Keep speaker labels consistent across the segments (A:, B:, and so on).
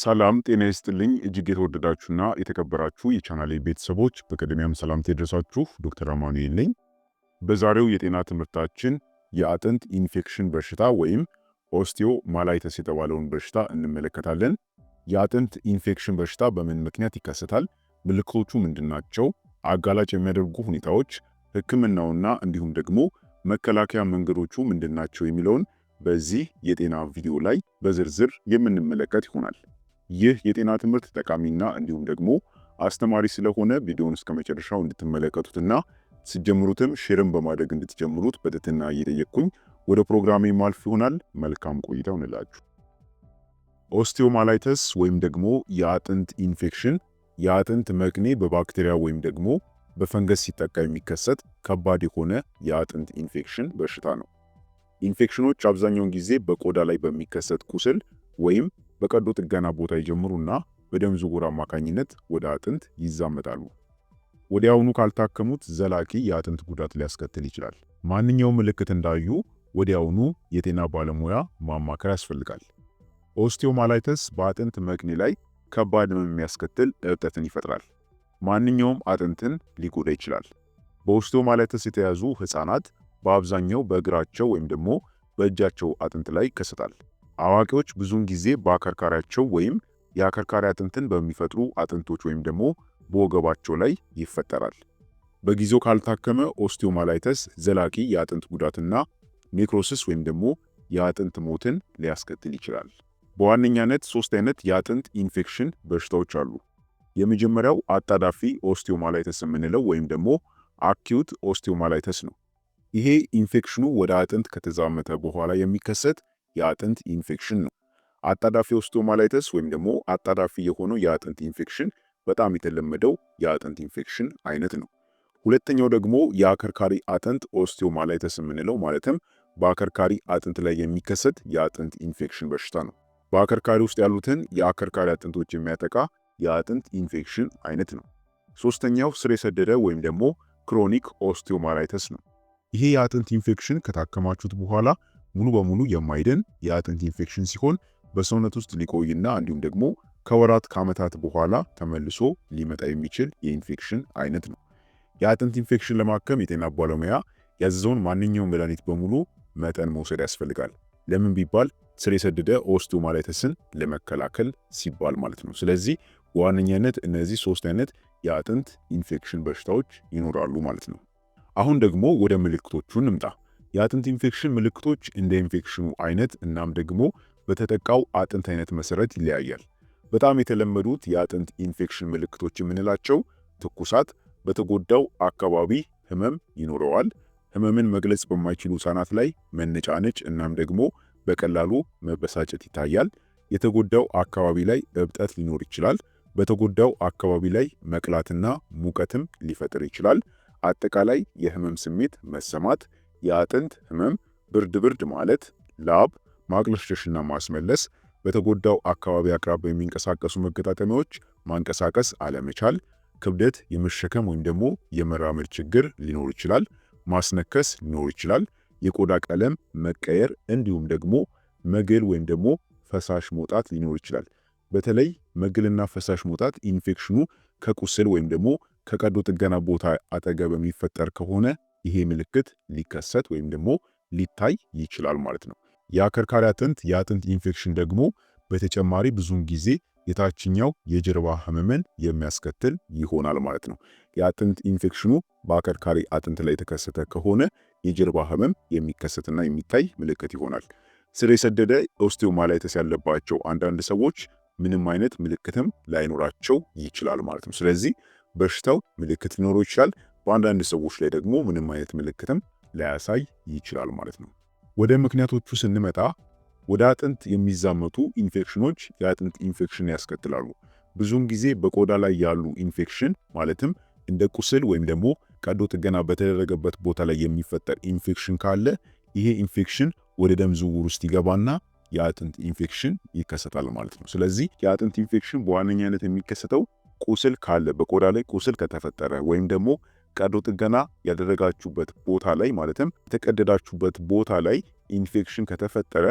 A: ሰላም ጤና ይስጥልኝ። እጅግ የተወደዳችሁና የተከበራችሁ የቻናሌ ቤተሰቦች በቅድሚያም ሰላምታ ይድረሳችሁ። ዶክተር አማኑኤል ነኝ። በዛሬው የጤና ትምህርታችን የአጥንት ኢንፌክሽን በሽታ ወይም ኦስቲዮ ማላይተስ የተባለውን በሽታ እንመለከታለን። የአጥንት ኢንፌክሽን በሽታ በምን ምክንያት ይከሰታል? ምልክቶቹ ምንድናቸው? አጋላጭ የሚያደርጉ ሁኔታዎች፣ ህክምናውና እንዲሁም ደግሞ መከላከያ መንገዶቹ ምንድናቸው የሚለውን በዚህ የጤና ቪዲዮ ላይ በዝርዝር የምንመለከት ይሆናል። ይህ የጤና ትምህርት ጠቃሚና እንዲሁም ደግሞ አስተማሪ ስለሆነ ቪዲዮውን እስከ መጨረሻው እንድትመለከቱትና ስጀምሩትም ሼርም በማድረግ እንድትጀምሩት በትህትና እየጠየቅኩኝ ወደ ፕሮግራሜ ማልፍ ይሆናል። መልካም ቆይታ ሆንላችሁ። ኦስቲዮማላይተስ ወይም ደግሞ የአጥንት ኢንፌክሽን የአጥንት መቅኔ በባክቴሪያ ወይም ደግሞ በፈንገስ ሲጠቃ የሚከሰት ከባድ የሆነ የአጥንት ኢንፌክሽን በሽታ ነው። ኢንፌክሽኖች አብዛኛውን ጊዜ በቆዳ ላይ በሚከሰት ቁስል ወይም በቀዶ ጥገና ቦታ ይጀምሩና በደም ዝውውር አማካኝነት ወደ አጥንት ይዛመጣሉ። ወዲያውኑ ካልታከሙት ዘላቂ የአጥንት ጉዳት ሊያስከትል ይችላል። ማንኛውም ምልክት እንዳዩ ወዲያውኑ የጤና ባለሙያ ማማከር ያስፈልጋል። ኦስቲዮማላይተስ በአጥንት መቅኒ ላይ ከባድ ህመም የሚያስከትል እብጠትን ይፈጥራል። ማንኛውም አጥንትን ሊጎዳ ይችላል። በኦስቲዮማላይተስ የተያዙ ህፃናት በአብዛኛው በእግራቸው ወይም ደግሞ በእጃቸው አጥንት ላይ ይከሰታል። አዋቂዎች ብዙውን ጊዜ በአከርካሪያቸው ወይም የአከርካሪ አጥንትን በሚፈጥሩ አጥንቶች ወይም ደግሞ በወገባቸው ላይ ይፈጠራል። በጊዜው ካልታከመ ኦስቲዮማላይተስ ዘላቂ የአጥንት ጉዳትና ኔክሮሲስ ወይም ደግሞ የአጥንት ሞትን ሊያስከትል ይችላል። በዋነኛነት ሶስት አይነት የአጥንት ኢንፌክሽን በሽታዎች አሉ። የመጀመሪያው አጣዳፊ ኦስቲዮማላይተስ የምንለው ወይም ደግሞ አኪዩት ኦስቲዮማላይተስ ነው። ይሄ ኢንፌክሽኑ ወደ አጥንት ከተዛመተ በኋላ የሚከሰት የአጥንት ኢንፌክሽን ነው። አጣዳፊ ኦስቲዮማላይተስ ወይም ደግሞ አጣዳፊ የሆነው የአጥንት ኢንፌክሽን በጣም የተለመደው የአጥንት ኢንፌክሽን አይነት ነው። ሁለተኛው ደግሞ የአከርካሪ አጥንት ኦስቲዮማላይተስ የምንለው ማለትም በአከርካሪ አጥንት ላይ የሚከሰት የአጥንት ኢንፌክሽን በሽታ ነው። በአከርካሪ ውስጥ ያሉትን የአከርካሪ አጥንቶች የሚያጠቃ የአጥንት ኢንፌክሽን አይነት ነው። ሶስተኛው ስር የሰደደ ወይም ደግሞ ክሮኒክ ኦስቲዮማላይተስ ነው። ይሄ የአጥንት ኢንፌክሽን ከታከማችሁት በኋላ ሙሉ በሙሉ የማይድን የአጥንት ኢንፌክሽን ሲሆን በሰውነት ውስጥ ሊቆይና እንዲሁም ደግሞ ከወራት ከዓመታት በኋላ ተመልሶ ሊመጣ የሚችል የኢንፌክሽን አይነት ነው። የአጥንት ኢንፌክሽን ለማከም የጤና ባለሙያ ያዘዘውን ማንኛውም መድኃኒት በሙሉ መጠን መውሰድ ያስፈልጋል። ለምን ቢባል ስር የሰደደ ኦስቲዮማላይተስን ለመከላከል ሲባል ማለት ነው። ስለዚህ በዋነኛነት እነዚህ ሶስት አይነት የአጥንት ኢንፌክሽን በሽታዎች ይኖራሉ ማለት ነው። አሁን ደግሞ ወደ ምልክቶቹ እንምጣ። የአጥንት ኢንፌክሽን ምልክቶች እንደ ኢንፌክሽኑ አይነት እናም ደግሞ በተጠቃው አጥንት አይነት መሰረት ይለያያል። በጣም የተለመዱት የአጥንት ኢንፌክሽን ምልክቶች የምንላቸው ትኩሳት፣ በተጎዳው አካባቢ ህመም ይኖረዋል። ህመምን መግለጽ በማይችሉ ህጻናት ላይ መነጫነጭ እናም ደግሞ በቀላሉ መበሳጨት ይታያል። የተጎዳው አካባቢ ላይ እብጠት ሊኖር ይችላል። በተጎዳው አካባቢ ላይ መቅላትና ሙቀትም ሊፈጥር ይችላል። አጠቃላይ የህመም ስሜት መሰማት የአጥንት ህመም፣ ብርድ ብርድ ማለት፣ ላብ ማቅለሽለሽና ማስመለስ፣ በተጎዳው አካባቢ አቅራቢ የሚንቀሳቀሱ መገጣጠሚያዎች ማንቀሳቀስ አለመቻል፣ ክብደት የመሸከም ወይም ደግሞ የመራመድ ችግር ሊኖር ይችላል። ማስነከስ ሊኖር ይችላል። የቆዳ ቀለም መቀየር እንዲሁም ደግሞ መግል ወይም ደግሞ ፈሳሽ መውጣት ሊኖር ይችላል። በተለይ መግልና ፈሳሽ መውጣት ኢንፌክሽኑ ከቁስል ወይም ደግሞ ከቀዶ ጥገና ቦታ አጠገብ የሚፈጠር ከሆነ ይሄ ምልክት ሊከሰት ወይም ደግሞ ሊታይ ይችላል ማለት ነው። የአከርካሪ አጥንት የአጥንት ኢንፌክሽን ደግሞ በተጨማሪ ብዙውን ጊዜ የታችኛው የጀርባ ህመምን የሚያስከትል ይሆናል ማለት ነው። የአጥንት ኢንፌክሽኑ በአከርካሪ አጥንት ላይ የተከሰተ ከሆነ የጀርባ ህመም የሚከሰትና የሚታይ ምልክት ይሆናል። ስር የሰደደ ኦስቲዮማይላይተስ ያለባቸው አንዳንድ ሰዎች ምንም አይነት ምልክትም ላይኖራቸው ይችላል ማለት ነው። ስለዚህ በሽታው ምልክት ሊኖረው ይችላል። በአንዳንድ ሰዎች ላይ ደግሞ ምንም አይነት ምልክትም ላያሳይ ይችላል ማለት ነው። ወደ ምክንያቶቹ ስንመጣ ወደ አጥንት የሚዛመቱ ኢንፌክሽኖች የአጥንት ኢንፌክሽን ያስከትላሉ። ብዙውን ጊዜ በቆዳ ላይ ያሉ ኢንፌክሽን ማለትም እንደ ቁስል ወይም ደግሞ ቀዶ ጥገና በተደረገበት ቦታ ላይ የሚፈጠር ኢንፌክሽን ካለ ይሄ ኢንፌክሽን ወደ ደም ዝውውር ውስጥ ይገባና የአጥንት ኢንፌክሽን ይከሰታል ማለት ነው። ስለዚህ የአጥንት ኢንፌክሽን በዋነኛነት የሚከሰተው ቁስል ካለ በቆዳ ላይ ቁስል ከተፈጠረ ወይም ደግሞ ቀዶ ጥገና ያደረጋችሁበት ቦታ ላይ ማለትም የተቀደዳችሁበት ቦታ ላይ ኢንፌክሽን ከተፈጠረ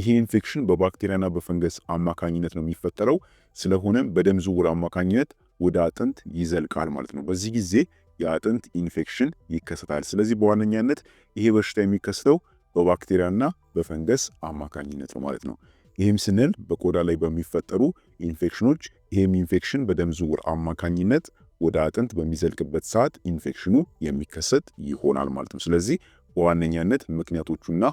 A: ይሄ ኢንፌክሽን በባክቴሪያና በፈንገስ አማካኝነት ነው የሚፈጠረው። ስለሆነም በደም ዝውውር አማካኝነት ወደ አጥንት ይዘልቃል ማለት ነው። በዚህ ጊዜ የአጥንት ኢንፌክሽን ይከሰታል። ስለዚህ በዋነኛነት ይሄ በሽታ የሚከሰተው በባክቴሪያና በፈንገስ አማካኝነት ነው ማለት ነው። ይህም ስንል በቆዳ ላይ በሚፈጠሩ ኢንፌክሽኖች፣ ይህም ኢንፌክሽን በደም ዝውውር አማካኝነት ወደ አጥንት በሚዘልቅበት ሰዓት ኢንፌክሽኑ የሚከሰት ይሆናል ማለት ነው። ስለዚህ በዋነኛነት ምክንያቶቹና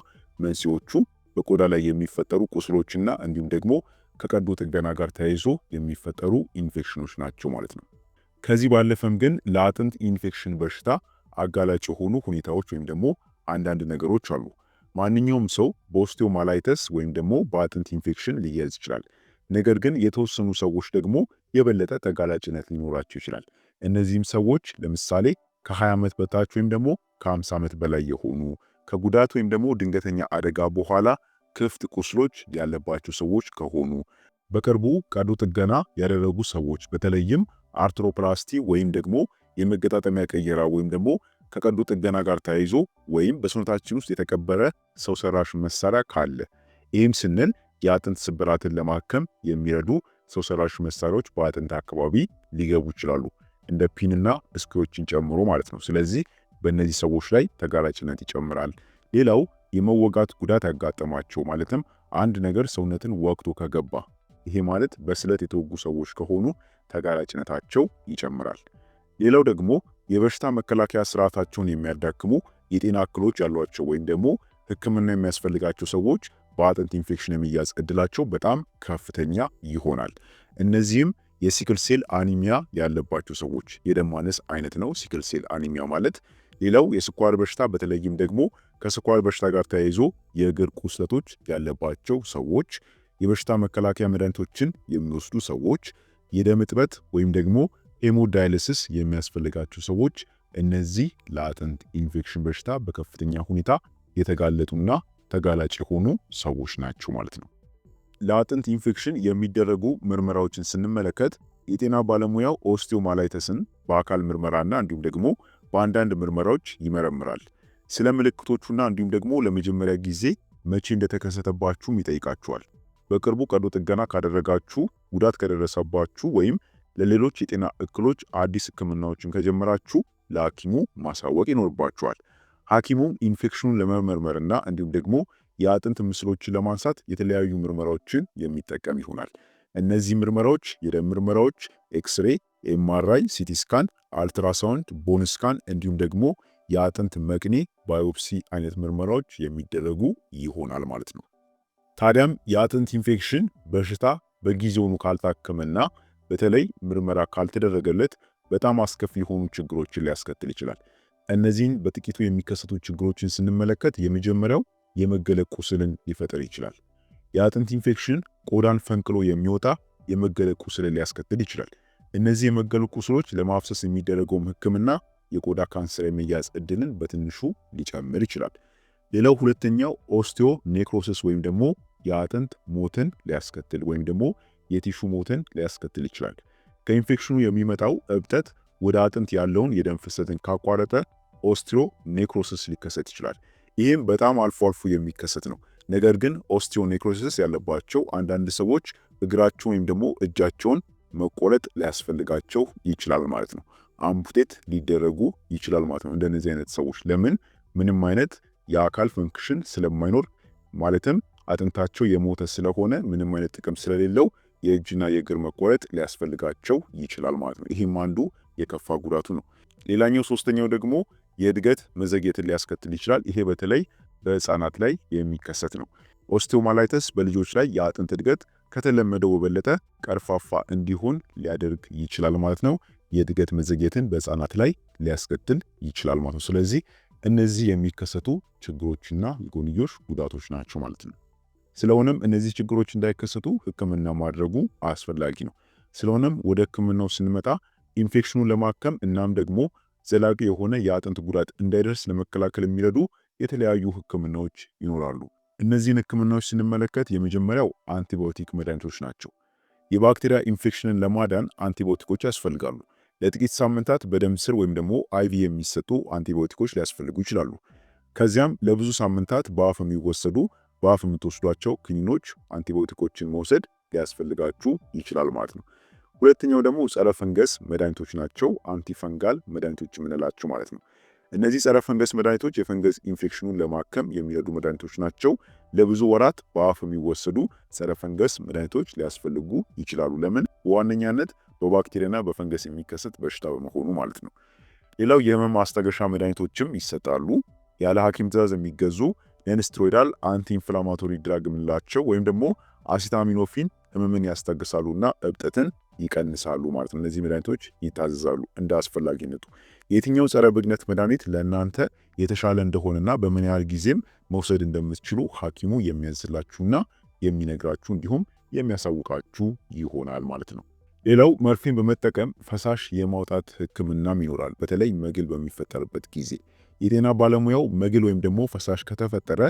A: መንስኤዎቹ በቆዳ ላይ የሚፈጠሩ ቁስሎችና እንዲሁም ደግሞ ከቀዶ ጥገና ጋር ተያይዞ የሚፈጠሩ ኢንፌክሽኖች ናቸው ማለት ነው። ከዚህ ባለፈም ግን ለአጥንት ኢንፌክሽን በሽታ አጋላጭ የሆኑ ሁኔታዎች ወይም ደግሞ አንዳንድ ነገሮች አሉ። ማንኛውም ሰው በኦስቲዮማላይተስ ወይም ደግሞ በአጥንት ኢንፌክሽን ሊያዝ ይችላል። ነገር ግን የተወሰኑ ሰዎች ደግሞ የበለጠ ተጋላጭነት ሊኖራቸው ይችላል። እነዚህም ሰዎች ለምሳሌ ከ20 ዓመት በታች ወይም ደግሞ ከ50 ዓመት በላይ የሆኑ ከጉዳት ወይም ደግሞ ድንገተኛ አደጋ በኋላ ክፍት ቁስሎች ያለባቸው ሰዎች ከሆኑ በቅርቡ ቀዶ ጥገና ያደረጉ ሰዎች በተለይም አርትሮፕላስቲ ወይም ደግሞ የመገጣጠሚያ ቀየራ ወይም ደግሞ ከቀዶ ጥገና ጋር ተያይዞ ወይም በሰውነታችን ውስጥ የተቀበረ ሰው ሰራሽ መሳሪያ ካለ ይህም ስንል የአጥንት ስብራትን ለማከም የሚረዱ ሰው ሰራሽ መሳሪያዎች በአጥንት አካባቢ ሊገቡ ይችላሉ። እንደ ፒንና እስኪዎችን ጨምሮ ማለት ነው። ስለዚህ በእነዚህ ሰዎች ላይ ተጋላጭነት ይጨምራል። ሌላው የመወጋት ጉዳት ያጋጠማቸው ማለትም አንድ ነገር ሰውነትን ወቅቶ ከገባ ይሄ ማለት በስለት የተወጉ ሰዎች ከሆኑ ተጋላጭነታቸው ይጨምራል። ሌላው ደግሞ የበሽታ መከላከያ ስርዓታቸውን የሚያዳክሙ የጤና እክሎች ያሏቸው ወይም ደግሞ ሕክምና የሚያስፈልጋቸው ሰዎች በአጥንት ኢንፌክሽን የሚያዝ እድላቸው በጣም ከፍተኛ ይሆናል። እነዚህም የሲክል ሴል አኒሚያ ያለባቸው ሰዎች የደም ማነስ አይነት ነው ሲክል ሴል አኒሚያ ማለት። ሌላው የስኳር በሽታ በተለይም ደግሞ ከስኳር በሽታ ጋር ተያይዞ የእግር ቁስለቶች ያለባቸው ሰዎች፣ የበሽታ መከላከያ መድኃኒቶችን የሚወስዱ ሰዎች፣ የደም እጥበት ወይም ደግሞ ሄሞዳይልስስ የሚያስፈልጋቸው ሰዎች እነዚህ ለአጥንት ኢንፌክሽን በሽታ በከፍተኛ ሁኔታ የተጋለጡና ተጋላጭ የሆኑ ሰዎች ናቸው ማለት ነው። ለአጥንት ኢንፌክሽን የሚደረጉ ምርመራዎችን ስንመለከት የጤና ባለሙያው ኦስቲዮማላይተስን በአካል ምርመራና እንዲሁም ደግሞ በአንዳንድ ምርመራዎች ይመረምራል። ስለ ምልክቶቹና እንዲሁም ደግሞ ለመጀመሪያ ጊዜ መቼ እንደተከሰተባችሁም ይጠይቃችኋል። በቅርቡ ቀዶ ጥገና ካደረጋችሁ፣ ጉዳት ከደረሰባችሁ ወይም ለሌሎች የጤና እክሎች አዲስ ህክምናዎችን ከጀመራችሁ ለሐኪሙ ማሳወቅ ይኖርባችኋል። ሐኪሙም ኢንፌክሽኑን ለመመርመርና እንዲሁም ደግሞ የአጥንት ምስሎችን ለማንሳት የተለያዩ ምርመራዎችን የሚጠቀም ይሆናል። እነዚህ ምርመራዎች የደም ምርመራዎች፣ ኤክስሬ፣ ኤምአርአይ፣ ሲቲ ስካን፣ አልትራሳውንድ፣ ቦን ስካን እንዲሁም ደግሞ የአጥንት መቅኔ ባዮፕሲ አይነት ምርመራዎች የሚደረጉ ይሆናል ማለት ነው። ታዲያም የአጥንት ኢንፌክሽን በሽታ በጊዜውኑ ካልታከመና በተለይ ምርመራ ካልተደረገለት በጣም አስከፊ የሆኑ ችግሮችን ሊያስከትል ይችላል። እነዚህን በጥቂቱ የሚከሰቱ ችግሮችን ስንመለከት የመጀመሪያው የመገለቅ ቁስልን ሊፈጥር ይችላል። የአጥንት ኢንፌክሽን ቆዳን ፈንቅሎ የሚወጣ የመገለቅ ቁስልን ሊያስከትል ይችላል። እነዚህ የመገለቅ ቁስሎች ለማፍሰስ የሚደረገውም ህክምና የቆዳ ካንሰር የመያዝ እድልን በትንሹ ሊጨምር ይችላል። ሌላው ሁለተኛው ኦስቲዮ ኔክሮሲስ ወይም ደግሞ የአጥንት ሞትን ሊያስከትል ወይም ደግሞ የቲሹ ሞትን ሊያስከትል ይችላል። ከኢንፌክሽኑ የሚመጣው እብጠት ወደ አጥንት ያለውን የደም ፍሰትን ካቋረጠ ኦስቲዮ ኔክሮሲስ ሊከሰት ይችላል። ይህም በጣም አልፎ አልፎ የሚከሰት ነው። ነገር ግን ኦስቲዮኔክሮሲስ ያለባቸው አንዳንድ ሰዎች እግራቸው ወይም ደግሞ እጃቸውን መቆረጥ ሊያስፈልጋቸው ይችላል ማለት ነው። አምፑቴት ሊደረጉ ይችላል ማለት ነው። እንደነዚህ አይነት ሰዎች ለምን ምንም አይነት የአካል ፈንክሽን ስለማይኖር ማለትም አጥንታቸው የሞተ ስለሆነ ምንም አይነት ጥቅም ስለሌለው የእጅና የእግር መቆረጥ ሊያስፈልጋቸው ይችላል ማለት ነው። ይህም አንዱ የከፋ ጉዳቱ ነው። ሌላኛው ሶስተኛው ደግሞ የእድገት መዘግየትን ሊያስከትል ይችላል። ይሄ በተለይ በህፃናት ላይ የሚከሰት ነው። ኦስቲዮማላይተስ በልጆች ላይ የአጥንት እድገት ከተለመደው በበለጠ ቀርፋፋ እንዲሆን ሊያደርግ ይችላል ማለት ነው። የእድገት መዘግየትን በህፃናት ላይ ሊያስከትል ይችላል ማለት ነው። ስለዚህ እነዚህ የሚከሰቱ ችግሮችና የጎንዮሽ ጉዳቶች ናቸው ማለት ነው። ስለሆነም እነዚህ ችግሮች እንዳይከሰቱ ህክምና ማድረጉ አስፈላጊ ነው። ስለሆነም ወደ ህክምናው ስንመጣ ኢንፌክሽኑን ለማከም እናም ደግሞ ዘላቂ የሆነ የአጥንት ጉዳት እንዳይደርስ ለመከላከል የሚረዱ የተለያዩ ህክምናዎች ይኖራሉ። እነዚህን ህክምናዎች ስንመለከት የመጀመሪያው አንቲባዮቲክ መድኃኒቶች ናቸው። የባክቴሪያ ኢንፌክሽንን ለማዳን አንቲባዮቲኮች ያስፈልጋሉ። ለጥቂት ሳምንታት በደም ስር ወይም ደግሞ አይቪ የሚሰጡ አንቲባዮቲኮች ሊያስፈልጉ ይችላሉ። ከዚያም ለብዙ ሳምንታት በአፍ የሚወሰዱ በአፍ የምትወስዷቸው ክኒኖች አንቲባዮቲኮችን መውሰድ ሊያስፈልጋችሁ ይችላል ማለት ነው። ሁለተኛው ደግሞ ጸረ ፈንገስ መድኃኒቶች ናቸው። አንቲፈንጋል መድኃኒቶች የምንላቸው ማለት ነው። እነዚህ ጸረ ፈንገስ መድኃኒቶች የፈንገስ ኢንፌክሽኑን ለማከም የሚረዱ መድኃኒቶች ናቸው። ለብዙ ወራት በአፍ የሚወሰዱ ጸረ ፈንገስ መድኃኒቶች ሊያስፈልጉ ይችላሉ። ለምን? በዋነኛነት በባክቴሪያና በፈንገስ የሚከሰት በሽታ በመሆኑ ማለት ነው። ሌላው የህመም ማስታገሻ መድኃኒቶችም ይሰጣሉ። ያለ ሐኪም ትእዛዝ የሚገዙ ነንስትሮይዳል አንቲ ኢንፍላማቶሪ ድራግ የምንላቸው ወይም ደግሞ አሲታሚኖፊን ህመምን ያስታግሳሉና እብጠትን ይቀንሳሉ ማለት ነው። እነዚህ መድኃኒቶች ይታዘዛሉ እንደ አስፈላጊነቱ። የትኛው ጸረ ብግነት መድኃኒት ለእናንተ የተሻለ እንደሆነና በምን ያህል ጊዜም መውሰድ እንደምትችሉ ሐኪሙ የሚያዝላችሁና የሚነግራችሁ እንዲሁም የሚያሳውቃችሁ ይሆናል ማለት ነው። ሌላው መርፌን በመጠቀም ፈሳሽ የማውጣት ህክምናም ይኖራል። በተለይ መግል በሚፈጠርበት ጊዜ የጤና ባለሙያው መግል ወይም ደግሞ ፈሳሽ ከተፈጠረ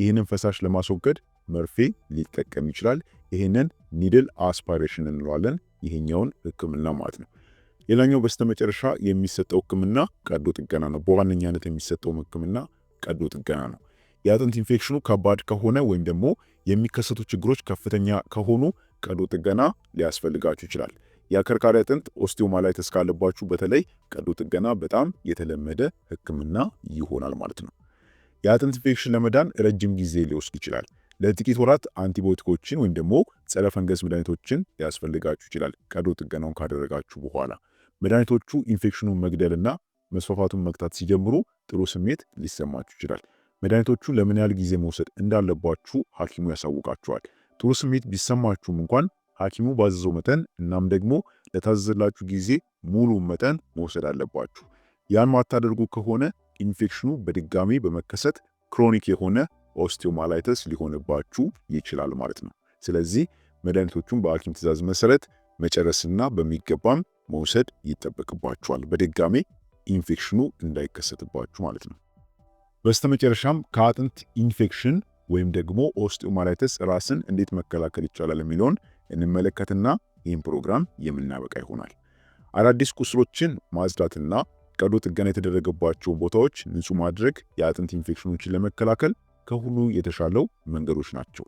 A: ይህንን ፈሳሽ ለማስወገድ መርፌ ሊጠቀም ይችላል። ይህንን ኒድል አስፓይሬሽን እንለዋለን። ይሄኛውን ህክምና ማለት ነው። ሌላኛው በስተመጨረሻ የሚሰጠው ህክምና ቀዶ ጥገና ነው። በዋነኛነት የሚሰጠው ህክምና ቀዶ ጥገና ነው። የአጥንት ኢንፌክሽኑ ከባድ ከሆነ ወይም ደግሞ የሚከሰቱ ችግሮች ከፍተኛ ከሆኑ ቀዶ ጥገና ሊያስፈልጋችሁ ይችላል። የአከርካሪ አጥንት ኦስቲዮማላይተስ ካለባችሁ በተለይ ቀዶ ጥገና በጣም የተለመደ ህክምና ይሆናል ማለት ነው። የአጥንት ኢንፌክሽን ለመዳን ረጅም ጊዜ ሊወስድ ይችላል። ለጥቂት ወራት አንቲቢዮቲኮችን ወይም ደግሞ ጸረ ፈንገስ መድኃኒቶችን ሊያስፈልጋችሁ ይችላል። ቀዶ ጥገናውን ካደረጋችሁ በኋላ መድኃኒቶቹ ኢንፌክሽኑን መግደልና መስፋፋቱን መግታት ሲጀምሩ ጥሩ ስሜት ሊሰማችሁ ይችላል። መድኃኒቶቹ ለምን ያህል ጊዜ መውሰድ እንዳለባችሁ ሐኪሙ ያሳውቃችኋል። ጥሩ ስሜት ቢሰማችሁም እንኳን ሐኪሙ ባዘዘው መጠን እናም ደግሞ ለታዘዘላችሁ ጊዜ ሙሉ መጠን መውሰድ አለባችሁ። ያን ማታደርጉ ከሆነ ኢንፌክሽኑ በድጋሚ በመከሰት ክሮኒክ የሆነ ኦስቲዮማላይተስ ሊሆንባችሁ ይችላል ማለት ነው። ስለዚህ መድኃኒቶቹን በሐኪም ትእዛዝ መሰረት መጨረስና በሚገባም መውሰድ ይጠበቅባቸዋል። በድጋሜ ኢንፌክሽኑ እንዳይከሰትባችሁ ማለት ነው። በስተመጨረሻም ከአጥንት ኢንፌክሽን ወይም ደግሞ ኦስቲዮማላይተስ ራስን እንዴት መከላከል ይቻላል የሚለውን እንመለከትና ይህም ፕሮግራም የምናበቃ ይሆናል። አዳዲስ ቁስሎችን ማጽዳትና ቀዶ ጥገና የተደረገባቸው ቦታዎች ንጹህ ማድረግ የአጥንት ኢንፌክሽኖችን ለመከላከል ከሁሉ የተሻለው መንገዶች ናቸው።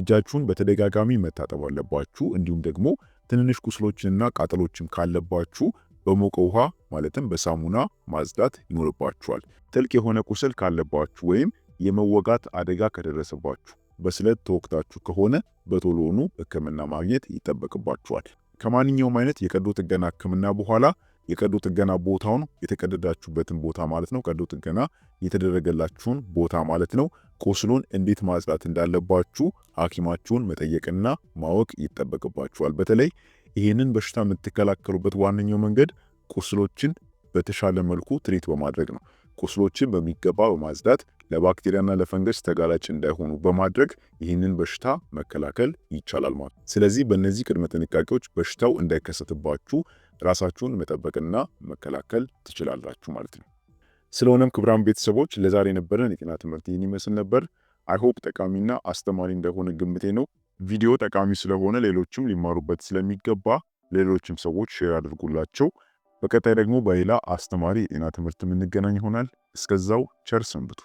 A: እጃችሁን በተደጋጋሚ መታጠብ አለባችሁ። እንዲሁም ደግሞ ትንንሽ ቁስሎችንና ቃጠሎችን ካለባችሁ በሞቀ ውሃ ማለትም በሳሙና ማጽዳት ይኖርባችኋል። ጥልቅ የሆነ ቁስል ካለባችሁ ወይም የመወጋት አደጋ ከደረሰባችሁ በስለት ተወቅታችሁ ከሆነ በቶሎኑ ሕክምና ማግኘት ይጠበቅባችኋል። ከማንኛውም አይነት የቀዶ ጥገና ሕክምና በኋላ የቀዶ ጥገና ቦታውን የተቀደዳችሁበትን ቦታ ማለት ነው። ቀዶ ጥገና የተደረገላችሁን ቦታ ማለት ነው። ቁስሉን እንዴት ማጽዳት እንዳለባችሁ ሐኪማችሁን መጠየቅና ማወቅ ይጠበቅባችኋል። በተለይ ይህንን በሽታ የምትከላከሉበት ዋነኛው መንገድ ቁስሎችን በተሻለ መልኩ ትሪት በማድረግ ነው። ቁስሎችን በሚገባ በማጽዳት ለባክቴሪያና ለፈንገስ ተጋላጭ እንዳይሆኑ በማድረግ ይህንን በሽታ መከላከል ይቻላል ማለት። ስለዚህ በእነዚህ ቅድመ ጥንቃቄዎች በሽታው እንዳይከሰትባችሁ ራሳችሁን መጠበቅና መከላከል ትችላላችሁ ማለት ነው። ስለሆነም ክቡራን ቤተሰቦች ለዛሬ የነበረን የጤና ትምህርት ይህን ይመስል ነበር። አይሆፕ ጠቃሚና አስተማሪ እንደሆነ ግምቴ ነው። ቪዲዮ ጠቃሚ ስለሆነ ሌሎችም ሊማሩበት ስለሚገባ ሌሎችም ሰዎች ሼር አድርጉላቸው። በቀጣይ ደግሞ በሌላ አስተማሪ የጤና ትምህርት የምንገናኝ ይሆናል። እስከዛው ቸር ሰንብቱ።